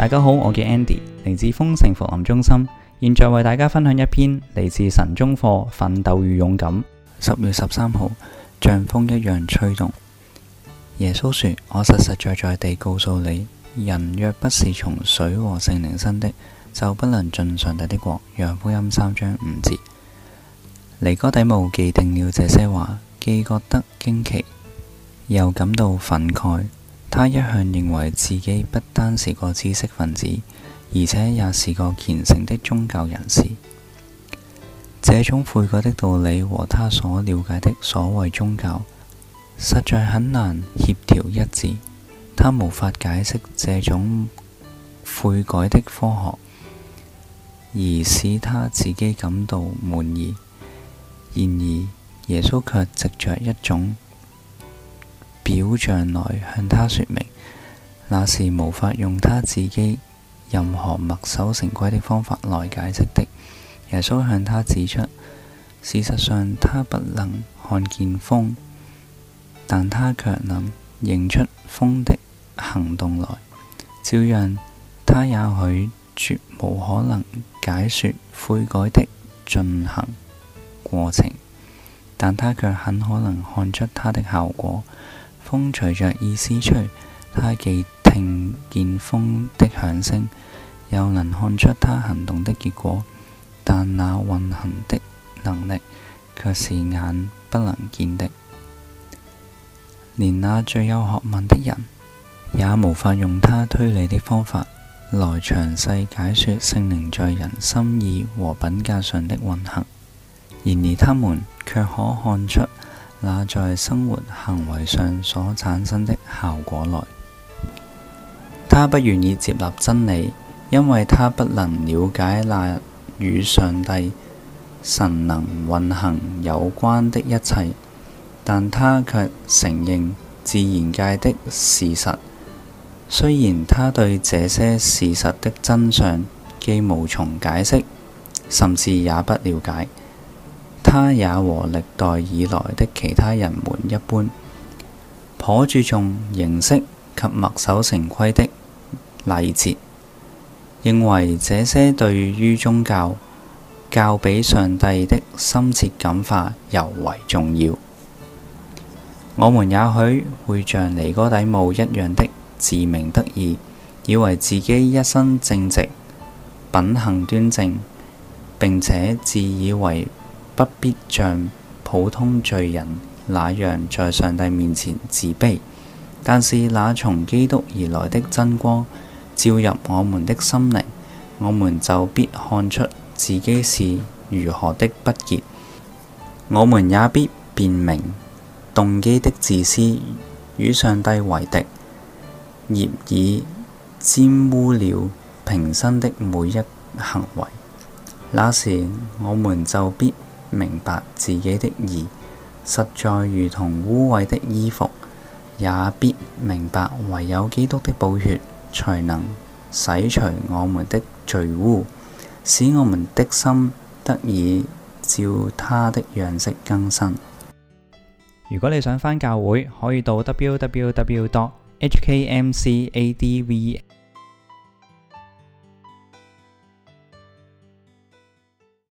大家好，我叫 Andy，嚟自豐盛福臨中心，現在為大家分享一篇嚟自神中課《奮鬥與勇敢》。十月十三號，像風一樣吹動。耶穌說，我實實在在地告訴你，人若不是從水和聖靈生的，就不能進上帝的國。約翰福音三章五節。尼哥底母記定了這些話，既覺得驚奇，又感到憤慨。他一向認為自己不單是個知識分子，而且也是個虔誠的宗教人士。這種悔改的道理和他所了解的所謂宗教，實在很難協調一致。他無法解釋這種悔改的科學，而使他自己感到滿意。然而，耶穌卻藉着一種表象來向他說明，那是無法用他自己任何墨守成規的方法來解釋的。耶穌向他指出，事實上他不能看見風，但他卻能認出風的行動來。照樣，他也許絕無可能解說悔改的進行過程，但他卻很可能看出它的效果。風隨着意思吹，他既聽見風的響聲，又能看出他行動的結果，但那運行的能力却是眼不能見的。連那最有學問的人，也無法用他推理的方法來詳細解說聖靈在人心意和品格上的運行，然而他們却可看出。那在生活行為上所產生的效果來，他不願意接納真理，因為他不能了解那與上帝神能運行有關的一切，但他卻承認自然界的事實。雖然他對這些事實的真相既無從解釋，甚至也不了解。他也和歷代以來的其他人們一般，頗注重形式及墨守成規的禮節，認為這些對於宗教，較比上帝的深切感化猶為重要。我們也許會像尼哥底母一樣的自鳴得意，以為自己一生正直、品行端正，並且自以為不必像普通罪人那樣在上帝面前自卑，但是那從基督而來的真光照入我們的心靈，我們就必看出自己是如何的不潔，我們也必辨明動機的自私與上帝為敵，業已沾污了平生的每一行為。那時，我們就必明白自己的義，實在如同污穢的衣服，也必明白唯有基督的寶血才能洗除我們的罪污，使我們的心得以照他的樣式更新。如果你想返教會，可以到 w w w dot h k m c a d v。